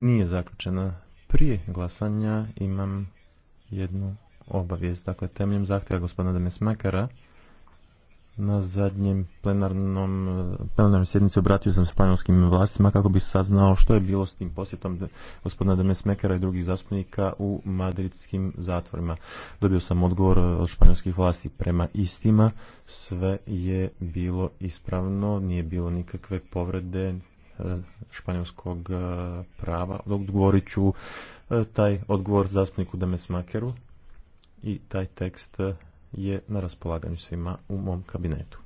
Nije zaključena. Prije glasanja imam jednu obavijest. Dakle, temeljem zahtjeva gospodina Demesmakara na zadnjem plenarnom, plenarnom sjednici obratio sam španjolskim vlastima kako bi saznao što je bilo s tim posjetom gospodina Demesmekera i drugih zastupnika u madridskim zatvorima. Dobio sam odgovor e, od španjolskih vlasti prema istima. Sve je bilo ispravno, nije bilo nikakve povrede, E, španjolskog e, prava. Odgovorit ću e, taj odgovor zastupniku Demesmakeru i taj tekst je na raspolaganju svima u mom kabinetu.